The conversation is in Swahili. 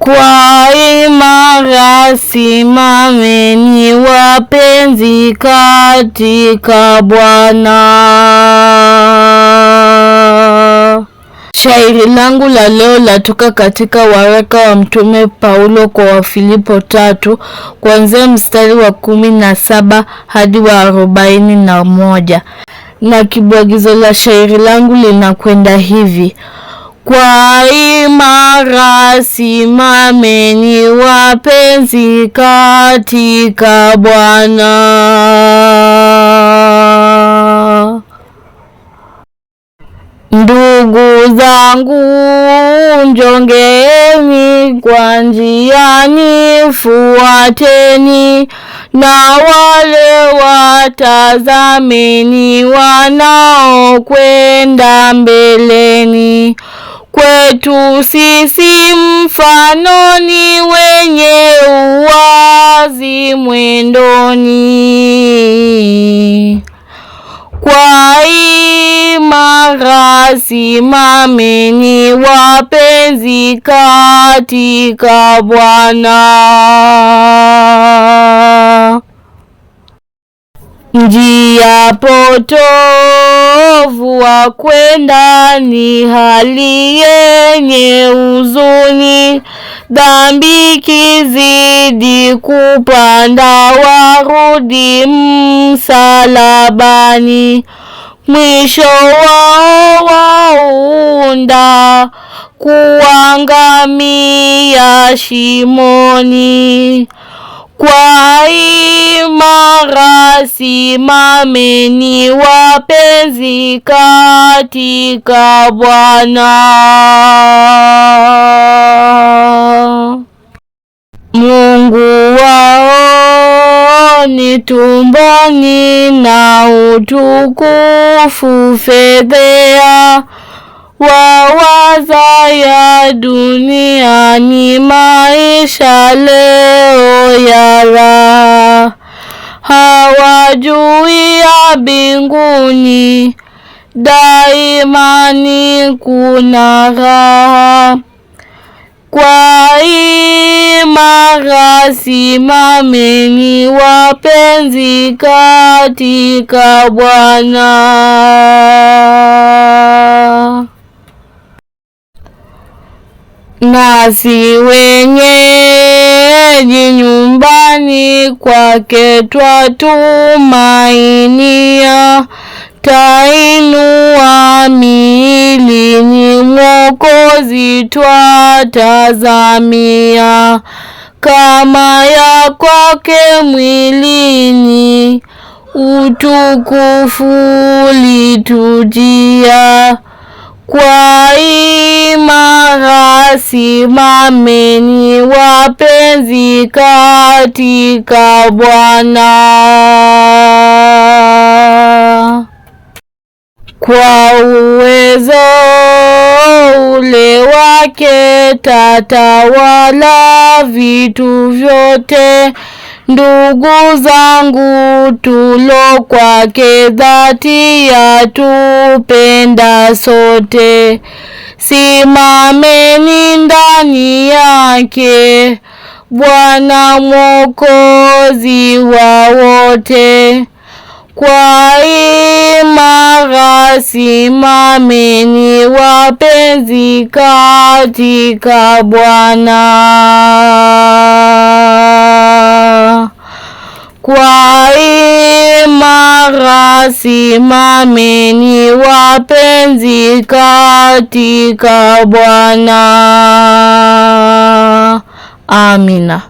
Kwa imara simameni wapenzi katika Bwana. Shairi langu la leo latoka katika waraka wa Mtume Paulo kwa Wafilipo tatu kuanzia mstari wa kumi na saba hadi wa arobaini na moja na kibwagizo la shairi langu linakwenda hivi: kwa imara simameni wapenzi katika Bwana. Ndugu zangu, njongeeni kwa njia nifuateni, na wale watazameni wanaokwenda mbele Kwetu sisi mfano ni wenye uwazi mwendoni, kwa imara simameni, wapenzi katika Bwana. Njia potovu wa kwenda ni hali yenye huzuni, dhambi kizidi kupanda, warudi msalabani, mwisho wao waunda kuangamia shimoni. Kwa imara simameni wapenzi katika Bwana. Mungu wao ni tumboni na utukufu fedhea Wawaza ya dunia ni maisha leo ya raha, hawajui ya mbinguni daima ni kuna raha. Kwa imara simameni wapenzi katika Bwana nasi wenyeji nyumbani kwake twatumainia, tainua ni Mwokozi twatazamia, kama ya kwake mwilini utukufu litujia kwa imara simameni wapenzi katika Bwana, kwa uwezo ule wake tatawala vitu vyote. Ndugu zangu tulo kwake dhati ya tupenda sote, simameni ndani yake Bwana Mwokozi wa wote, kwa imara simameni wapenzi katika Bwana. Kwa imara simameni wapenzi katika Bwana. Amina.